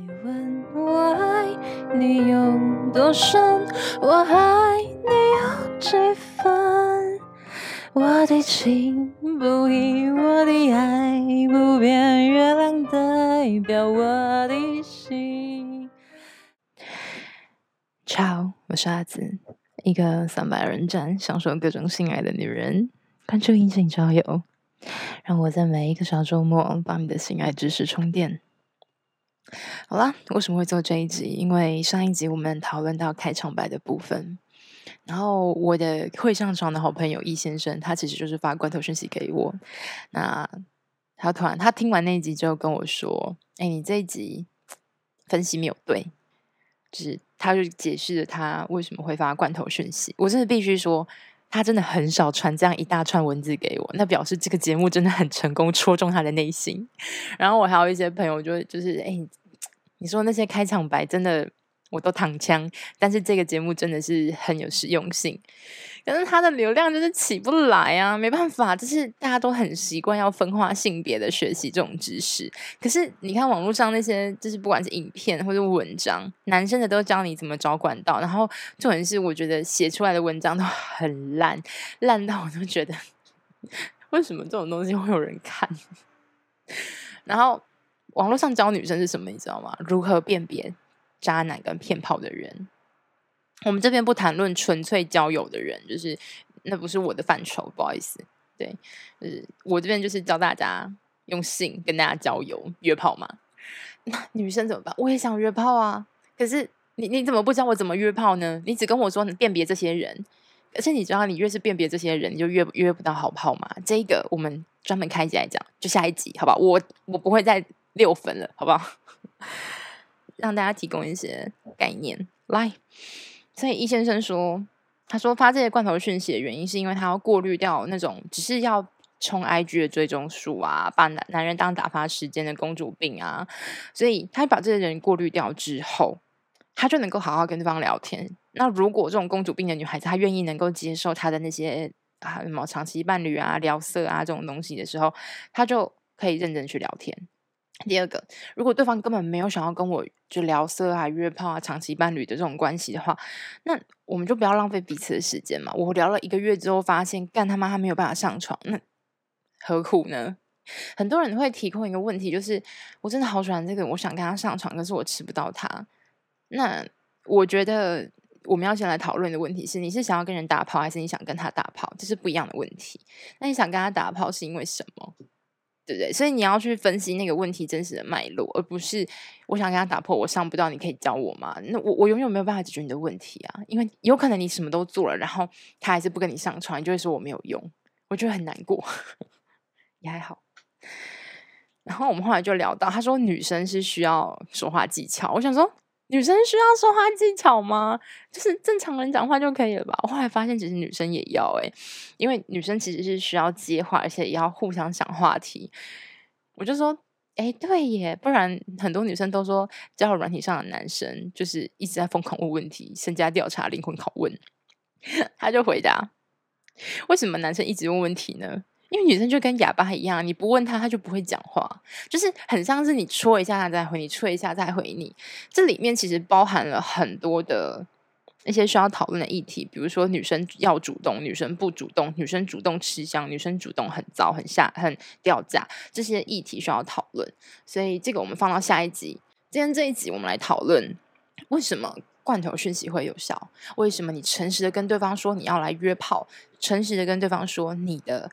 你問我愛你有多深，我愛你有幾分？我的情不移，我的愛不變，月亮代表我的心。Ciao, 我是阿梓，一個三百人斬，享受各種性愛的女人。關注因性交遊，讓我在每一個小周末，把你的性愛知識充電。好啦，為什麼會做這一集？因為上一集我們討論到開場白的部分，然後我的會上床的好朋友易先生，他其實就是發罐頭訊息給我。那他突然，他聽完那一集之後跟我說：“哎，你這一集分析沒有對。”就是他就解釋了他為什麼會發罐頭訊息。我真的必須說，他真的很少傳這樣一大串文字給我，那表示這個節目真的很成功，戳中他的內心。然後我還有一些朋友就，就就是哎。誒你說那些開場白真的我都躺槍，但是這個節目真的是很有實用性，可是它的流量就是起不來啊，沒辦法，就是大家都很習慣要分化性別的學習這種知識。可是你看網絡上那些，就是不管是影片或者文章，男生的都教你怎麼找管道，然後重點是我覺得寫出來的文章都很爛，爛到我都覺得為什麼這種東西會有人看，然後。網絡上教女生是什麼？你知道嗎？如何辨別渣男跟騙炮的人？我們這邊不談論純粹交友的人，就是那不是我的範疇，不好意思。對，就是我這邊就是教大家用性跟大家交友約炮嘛。那女生怎麼辦？我也想約炮啊，可是你你怎麼不教我怎麼約炮呢？你只跟我說你辨別這些人，而且你知道，你越是辨別這些人，你就越約，約不到好炮嘛。這個我們專門開起來講，就下一集好吧？我我不會再。六分了，好不好？ 讓大家提供一些概念。來。所以易先生說，他說發這些罐頭訊息的原因，是因為他要過濾掉那種只是要衝 IG 的追蹤數啊，把男男人當打發時間的公主病啊。所以他把這些人過濾掉之後，他就能夠好好跟對方聊天。那如果這種公主病的女孩子，她願意能夠接受他的那些啊什麼長期伴侶啊、聊色啊這種東西的時候，她就可以認真去聊天。第二個，如果對方根本沒有想要跟我就聊色啊、約炮啊、長期伴侶的這種關係的話，那我們就不要浪費彼此的時間嘛。我聊了一個月之後，發現幹他媽他沒有辦法上床，那何苦呢？很多人會提供一個問題，就是我真的好喜歡這個，我想跟他上床，可是我吃不到他。那我覺得我們要先來討論的問題是，你是想要跟人打炮，還是你想跟他打炮？這是不一樣的問題。那你想跟他打炮是因為什麼？對不對？所以你要去分析那個問題真實的脈絡，而不是我想跟他打破，我上不到，你可以教我嗎？那我我永遠沒有辦法解決你的問題啊，因為有可能你什麼都做了，然後他還是不跟你上床，你就會說我沒有用，我覺得很難過。 也還好。然後我們後來就聊到，他說女生是需要說話技巧，我想說。女生需要說話技巧嗎？就是正常人講話就可以了吧？我後來發現，其實女生也要誒、欸，因為女生其實是需要接話，而且也要互相想話題。我就說，哎、欸，對耶，不然很多女生都說，交友軟體上的男生就是一直在瘋狂問問題，身家調查，靈魂拷問。 他就回答，為什麼男生一直問問題呢？因為女生就跟啞巴一樣，你不問她，她就不會講話，就是很像是你戳一下她，再回你，戳一下再回你。這裡面其實包含了很多的那些需要討論的議題，比如說女生要主動，女生不主動，女生主動吃香，女生主動很糟很下很掉價，這些議題需要討論。所以這個我們放到下一集。今天這一集我們來討論為什麼罐頭訊息會有效，為什麼你誠實的跟對方說你要來約炮，誠實的跟對方說你的。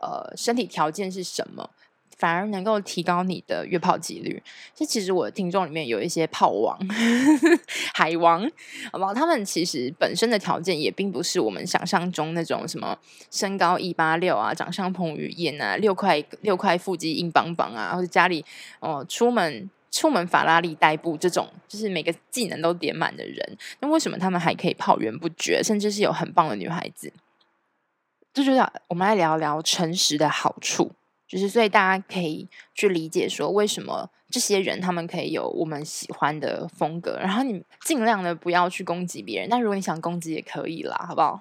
呃，身體條件是什麼，反而能夠提高你的約炮幾率？這其實我的聽眾裡面有一些炮王，呵呵海王，好不好？他們其實本身的條件也並不是我們想象中那種什麼身高一八六啊，長相彭於晏啊，六塊六塊腹肌硬邦邦啊，或者家裡哦、呃、出門出門法拉利代步這種，就是每個技能都點滿的人。那為什麼他們還可以炮緣不絕，甚至是有很棒的女孩子？就覺得我們來聊聊誠實的好處，就是所以大家可以去理解說為什麼這些人他們可以有我們喜歡的風格。然後你盡量的不要去攻擊別人，那如果你想攻擊也可以啦，好不好？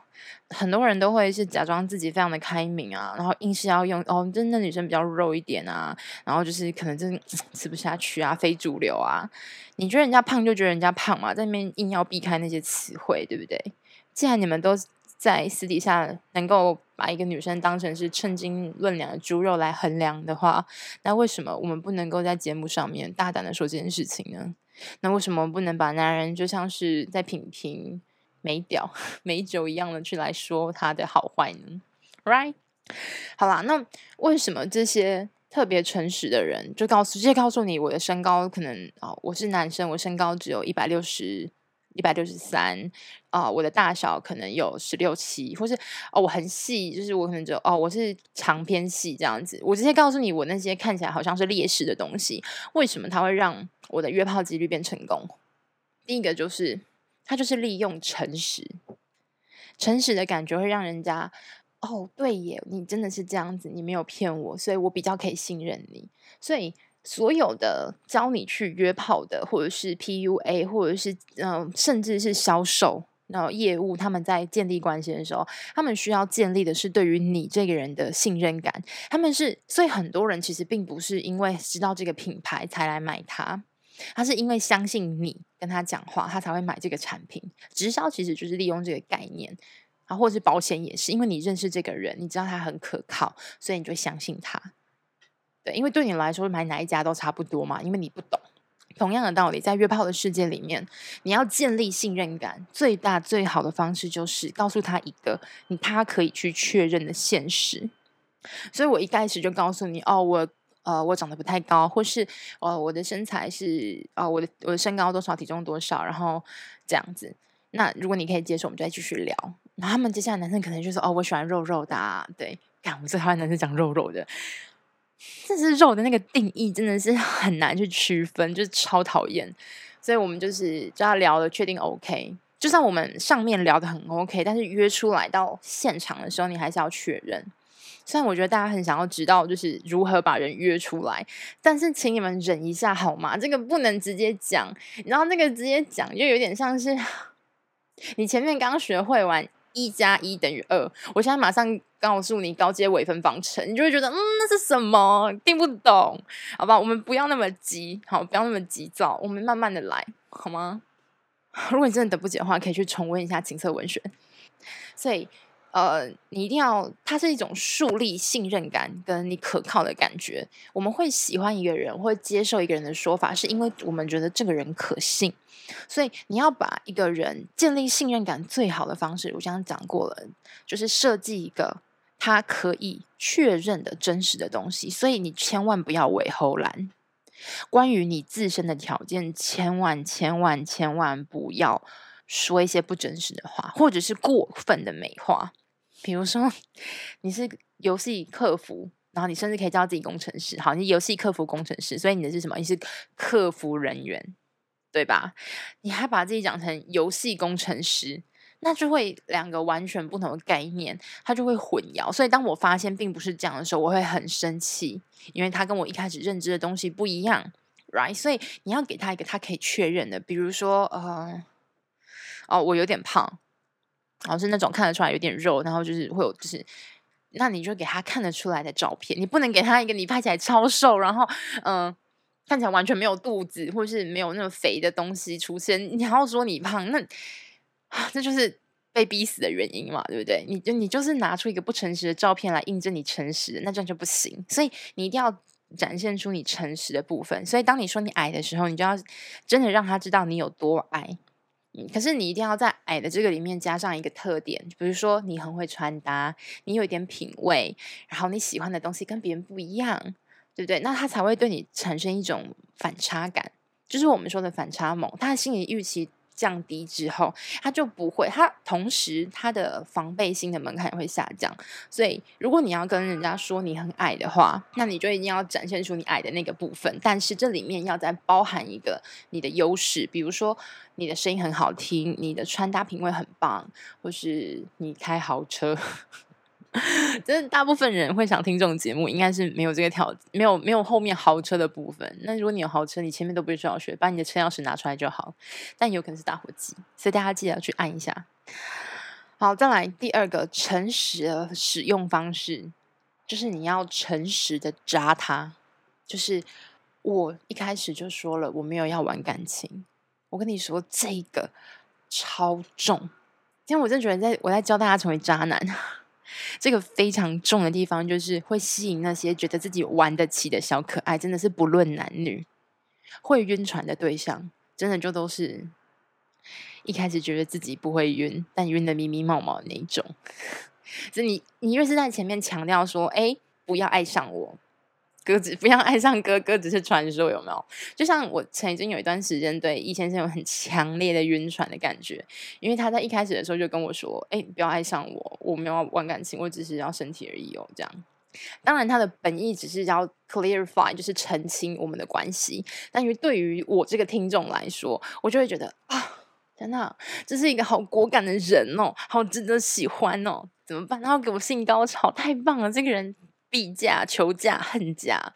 很多人都會是假裝自己非常的開明啊，然後硬是要用哦，真的女生比較肉一點啊，然後就是可能真吃不下去啊，非主流啊，你覺得人家胖就覺得人家胖嘛，在那邊硬要避開那些詞彙，對不對？既然你們都。在私底下能夠把一個女生當成是稱斤論兩的豬肉來衡量的話，那為什麼我們不能夠在節目上面大膽的說這件事情呢？那為什麼不能把男人就像是在品評美屌美酒一樣的去來說他的好壞呢？Right？好啦，那為什麼這些特別誠實的人就告訴，直接告訴你我的身高可能，哦，我是男生，我身高只有一百六十。一百六十三啊，我的大小可能有十六七，或是哦，我很細，就是我可能就哦，我是長偏細這樣子。我直接告訴你，我那些看起來好像是劣勢的東西，為什麼它會讓我的約炮幾率變成功？第一個就是，它就是利用誠實，誠實的感覺會讓人家哦，對耶，你真的是這樣子，你沒有騙我，所以我比較可以信任你，所以。所有的教你去約炮的，或者是 PUA，或者是嗯、呃，甚至是銷售，然後、呃、業務，他們在建立關係的時候，他們需要建立的是對於你這個人的信任感。他們是所以很多人其實並不是因為知道這個品牌才來買它，他是因為相信你跟他講話，他才會買這個產品。直銷其實就是利用這個概念，啊，或者是保險也是，因為你認識這個人，你知道他很可靠，所以你就相信他。對，因為對你來說，買哪一家都差不多嘛，因為你不懂。同樣的道理，在約炮的世界裡面，你要建立信任感，最大最好的方式就是告訴他一個你他可以去確認的現實。所以我一開始就告訴你，哦，我呃，我長得不太高，或是哦，我的身材是哦，我的我的身高多少，體重多少，然後這樣子。那如果你可以接受，我們就再繼續聊。然後他們接下來男生可能就是哦，我喜歡肉肉的、啊，對，看，我最討厭男生講肉肉的。這是肉的那個定義，真的是很難去區分，就是超討厭。所以我們就是就要聊的確定 OK，就算我們上面聊得很 OK，但是約出來到現場的時候，你還是要確認。雖然我覺得大家很想要知道就是如何把人約出來，但是請你們忍一下好嗎？這個不能直接講，然後那個直接講就有點像是你前面剛剛學會完。一加一等於二，我現在馬上告訴你高階微分方程，你就會覺得嗯，那是什麼？聽不懂，好吧？我們不要那麼急，好，不要那麼急躁，我們慢慢的來，好嗎？ 如果你真的等不及的話，可以去重溫一下《情色文學》，所以。呃，你一定要，它是一種樹立信任感跟你可靠的感覺。我們會喜歡一個人，會接受一個人的說法，是因為我們覺得這個人可信。所以，你要把一個人建立信任感最好的方式，我剛剛講過了，就是設計一個他可以確認的真實的東西。所以，你千萬不要畫唬爛。關於你自身的條件，千萬,千萬千萬千萬不要說一些不真實的話，或者是過分的美化。比如說，你是遊戲客服，然後你甚至可以叫自己工程師。好，你遊戲客服工程師，所以你的是什麼？你是客服人員，對吧？你還把自己講成遊戲工程師，那就會兩個完全不同的概念，他就會混淆。所以當我發現並不是這樣的時候，我會很生氣，因為他跟我一開始認知的東西不一樣，right？所以你要給他一個他可以確認的，比如說，呃，哦，我有點胖。然後是那種看得出來有點肉，然後就是會有就是，那你就給他看得出來的照片，你不能給他一個你拍起來超瘦，然後嗯、呃，看起來完全沒有肚子或是沒有那麼肥的東西出現，你然後說你胖，那那就是被逼死的原因嘛，對不對？你就你就是拿出一個不誠實的照片來印證你誠實的，那這樣就不行。所以你一定要展現出你誠實的部分。所以當你說你矮的時候，你就要真的讓他知道你有多矮。可是你一定要在矮的這個裡面加上一個特點，比如說你很會穿搭，你有一點品味，然後你喜歡的東西跟別人不一樣，對不對？那他才會對你產生一種反差感，就是我們說的反差萌。他的心理預期。降低之後，他就不會。他，同時他的防備心的門檻也會下降，所以如果你要跟人家說你很矮的話，那你就一定要展現出你矮的那個部分。但是這裡面要再包含一個你的優勢，比如說你的聲音很好聽，你的穿搭品味很棒，或是你開豪車。就 是大部分人會想聽這種節目，應該是沒有這個條，沒有沒有後面豪車的部分。那如果你有豪車，你前面都不會需要學，把你的車鑰匙拿出來就好。但也有可能是打火機，所以大家記得要去按一下。好，再來第二個誠實的使用方式，就是你要誠實的扎他。就是我一開始就說了，我沒有要玩感情。我跟你說，這個超重，今天我真覺得我在我在教大家成為渣男。這個非常重的地方，就是會吸引那些覺得自己玩得起的小可愛，真的是不論男女，會暈船的對象，真的就都是一開始覺得自己不會暈，但暈的迷迷茫茫的那一種。就 你，你越是在前面強調說，哎、欸，不要愛上我。哥子不要愛上哥，哥只是傳說，有沒有？就像我曾經有一段時間對易先生有很強烈的暈船的感覺，因為他在一開始的時候就跟我說：“哎，不要愛上我，我沒有要玩感情，我只是要身體而已哦。”這樣，當然他的本意只是要 clarify，就是澄清我們的關係。但於對於我這個聽眾來說，我就會覺得啊，真的這是一個好果敢的人哦，好值得喜歡哦，怎麼辦？他要給我性高潮，太棒了，這個人。避嫁、求嫁、恨嫁，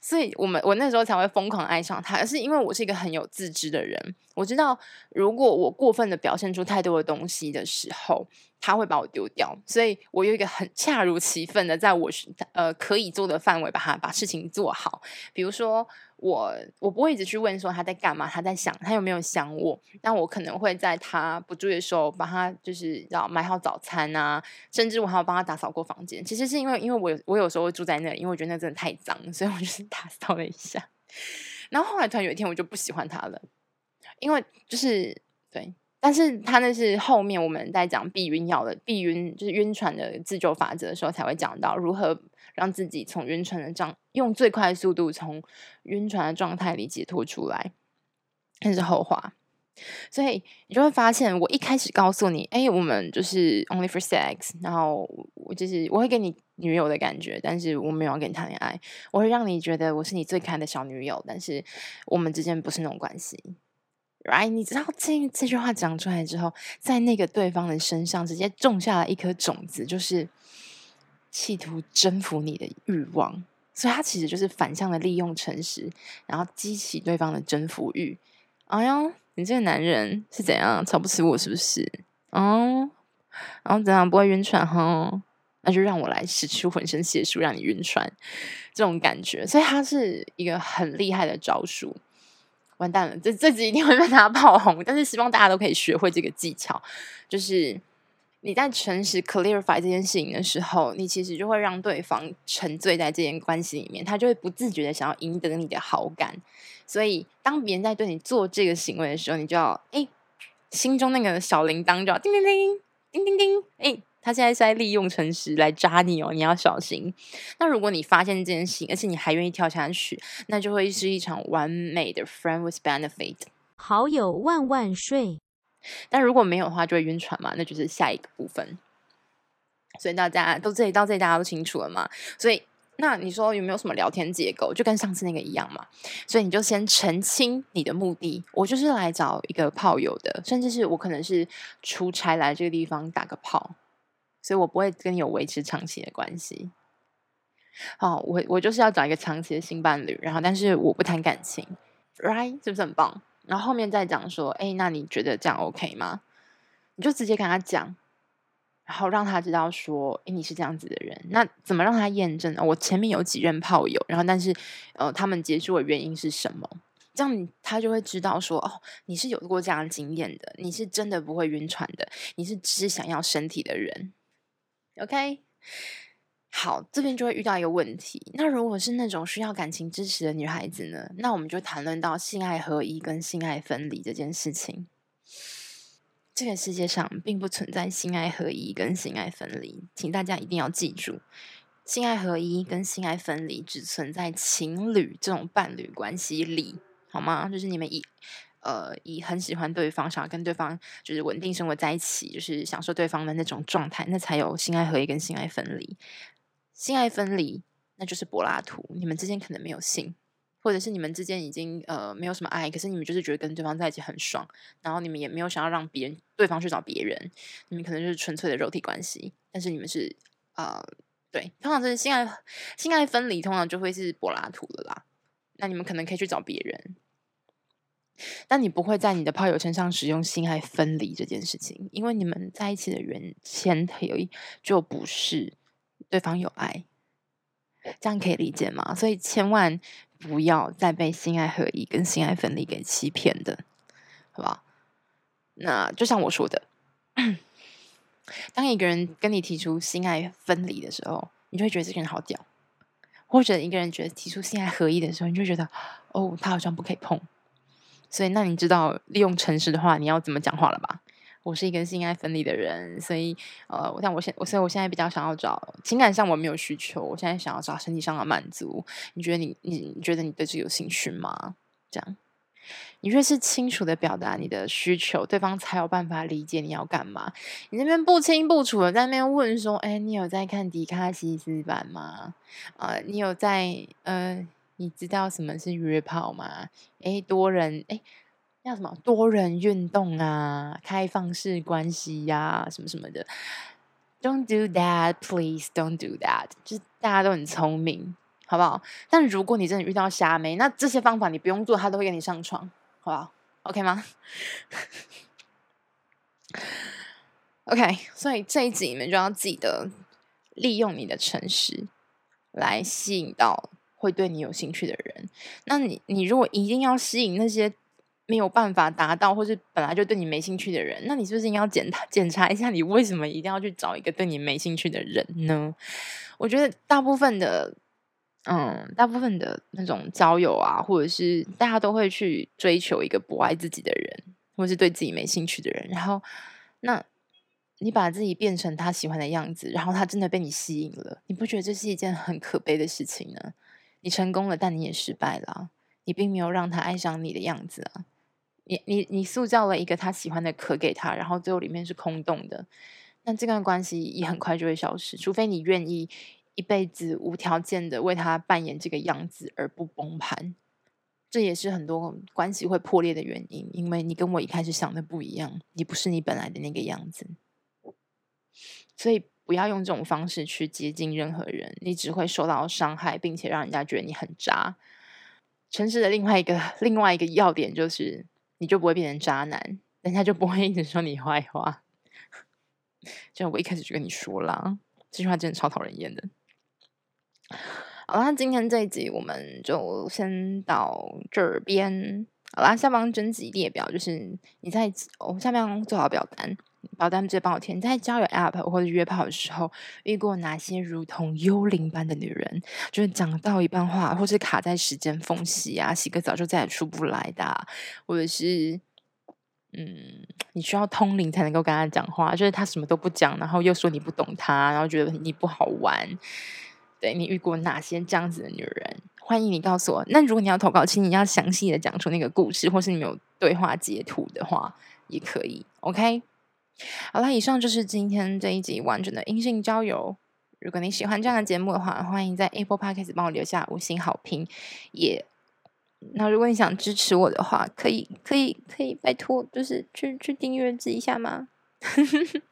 所以我們我那時候才會瘋狂愛上他，而是因為我是一個很有自知的人，我知道如果我過分的表現出太多的東西的時候。他會把我丟掉，所以我有一個很恰如其分的，在我呃可以做的範圍，把他把事情做好。比如說，我我不會一直去問說他在幹嘛，他在想他有沒有想我。但我可能會在他不注意的時候，幫他就是要買好早餐啊，甚至我還有幫他打掃過房間。其實是因為，因為我有我有時候會住在那，因為我覺得那真的太髒，所以我就是打掃了一下。然後後來突然有一天，我就不喜歡他了，因為就是對。但是他那是後面我們在講避孕藥的避孕，就是暈船的自救法則的時候才會講到如何讓自己從暈船的狀，用最快速度從暈船的狀態裡解脫出來，那是後話。所以你就會發現，我一開始告訴你，哎，我們就是 only for sex，然後我就是我會給你女友的感覺，但是我沒有要跟你談戀愛，我會讓你覺得我是你最可愛的小女友，但是我們之間不是那種關係。Right，你知道這這句話講出來之後，在那個對方的身上直接種下了一顆種子，就是企圖征服你的欲望。所以他其實就是反向的利用誠實，然後激起對方的征服欲。哎呦，你這個男人是怎樣？瞧不起我是不是？哦，然後怎樣不會暈船哈？那就讓我來使出渾身解數讓你暈船，這種感覺。所以他是一個很厲害的招數。完蛋了，這這集一定會被他爆紅。但是希望大家都可以學會這個技巧，就是你在誠實 clarify 這件事情的時候，你其實就會讓對方沉醉在這件關係裡面，他就會不自覺的想要贏得你的好感。所以當別人在對你做這個行為的時候，你就要哎，心中那個小鈴鐺就要叮叮叮叮叮叮哎。誒他現在是在利用誠實來扎你哦，你要小心。那如果你發現這件事，而且你還願意跳下去，那就會是一場完美的 friend with benefit，好友萬萬歲。但如果沒有的話，就會暈船嘛，那就是下一個部分。所以大家都這裡到這裡大家都清楚了嘛？所以那你說有沒有什麼聊天結構？就跟上次那個一樣嘛？所以你就先澄清你的目的，我就是來找一個炮友的，甚至是我可能是出差來這個地方打個炮。所以我不會跟你有維持長期的關係。哦，我我就是要找一個長期的性伴侶，然後但是我不談感情，right 是不是很棒？然後後面再講說，誒，那你覺得這樣 OK 嗎？你就直接跟他講，然後讓他知道說，誒，你是這樣子的人。那怎麼讓他驗證呢？哦，我前面有幾任炮友，然後但是呃，他們結束的原因是什麼？這樣他就會知道說，哦，你是有過這樣的經驗的，你是真的不會暈船的，你是只想要身體的人。OK，好，這邊就會遇到一個問題。那如果是那種需要感情支持的女孩子呢？那我們就談論到性愛合一跟性愛分離這件事情。這個世界上並不存在性愛合一跟性愛分離，請大家一定要記住，性愛合一跟性愛分離只存在情侶這種伴侶關係裡，好嗎？就是你們一。呃，以很喜歡對方，想要跟對方就是穩定生活在一起，就是享受對方的那種狀態，那才有性愛合一跟性愛分離。性愛分離，那就是柏拉圖。你們之間可能沒有性，或者是你們之間已經呃沒有什麼愛，可是你們就是覺得跟對方在一起很爽，然後你們也沒有想要讓別人對方去找別人，你們可能就是純粹的肉體關係。但是你們是呃對，通常是性愛性愛分離，通常就會是柏拉圖了啦。那你們可能可以去找別人。但你不會在你的炮友身上使用性愛分離這件事情，因為你們在一起的人前提就不是對方有愛，這樣可以理解嗎？所以千萬不要再被性愛合一跟性愛分離給欺騙的，好吧？那就像我說的，當一個人跟你提出性愛分離的時候，你就會覺得這個人好屌；或者一個人覺得提出性愛合一的時候，你就會覺得哦，他好像不可以碰。所以，那你知道利用誠實的話，你要怎麼講話了吧？我是一個性愛分離的人，所以，呃，但我想我現我，所以我現在比較想要找情感上我沒有需求，我現在想要找身體上的滿足。你覺得你你，你覺得你對自己有興趣嗎？這樣，你越是清楚的表達你的需求，對方才有辦法理解你要幹嘛。你那邊不清不楚的在那邊問說，誒，你有在看迪卡西斯版嗎？啊、呃，你有在呃。你知道什麼是約炮嗎？哎，多人，哎，要什麼？多人運動啊，開放式關係呀、啊，什麼什麼的。Don't do that, please. Don't do that. 就是大家都很聰明，好不好？但如果你真的遇到瞎妹，那這些方法你不用做，她都會跟你上床，好不好？OK 嗎 ？OK，所以這一集你們就要記得利用你的誠實來吸引到。會對你有興趣的人，那你你如果一定要吸引那些沒有辦法達到，或是本來就對你沒興趣的人，那你是不是應該要檢檢查一下，你為什麼一定要去找一個對你沒興趣的人呢？我覺得大部分的，嗯，大部分的那種交友啊，或者是大家都會去追求一個不愛自己的人，或是對自己沒興趣的人，然後那你把自己變成他喜歡的樣子，然後他真的被你吸引了，你不覺得這是一件很可悲的事情呢？你成功了，但你也失敗了啊。你並沒有讓他愛上你的樣子啊！你你你塑造了一個他喜歡的殼給他，然後最後裡面是空洞的。那這段關係也很快就會消失，除非你願意一輩子無條件的為他扮演這個樣子而不崩盤。這也是很多關係會破裂的原因，因為你跟我一開始想的不一樣，你不是你本來的那個樣子。所以，不要用這種方式去接近任何人，你只會受到傷害，並且讓人家覺得你很渣。誠實的另外一個另外一個要點就是，你就不會變成渣男，人家就不會一直說你壞話。就我一開始就跟你說啦，這句話真的超討人厭的。好啦，今天這一集我們就先到這邊。好啦，下方徵集列表就是你在、哦、下面做好表單。好，他們直接幫我填。在交友 App 或者約炮的時候，遇過哪些如同幽靈般的女人？就是講到一半話，或是卡在時間縫隙啊，洗個澡就再也出不來的，啊，或者是嗯，你需要通靈才能夠跟她講話，就是她什麼都不講，然後又說你不懂她，然後覺得你不好玩。對，你遇過哪些這樣子的女人？歡迎你告訴我。那如果你要投稿，請你要詳細的講出那個故事，或是你有對話截圖的話，也可以。OK。好啦，以上就是今天這一集完整的因性交遊。如果你喜歡這樣的節目的話，歡迎在 Apple Podcast 幫我留下五星好評。也、yeah，那如果你想支持我的話，可以可以可以，拜託，就是去去訂閱一下嗎？嗯、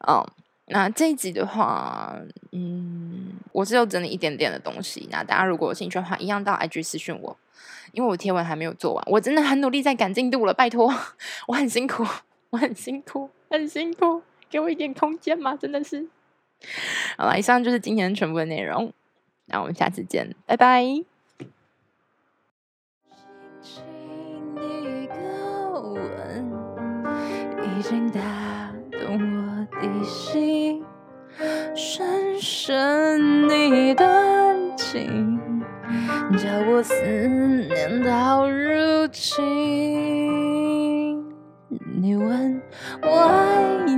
哦，那這一集的話，嗯，我只有整理一點點的東西。那大家如果有興趣的話，一樣到 IG 私訊我，因為我貼文還沒有做完，我真的很努力在趕進度了，拜託，我很辛苦。很辛苦，很辛苦，給我一點空間嘛，真的是，好了，以上就是今天全部的內容，那我們下次見，拜拜。輕輕一個吻，已經打動我的心，深深一段情，叫我思念到如今。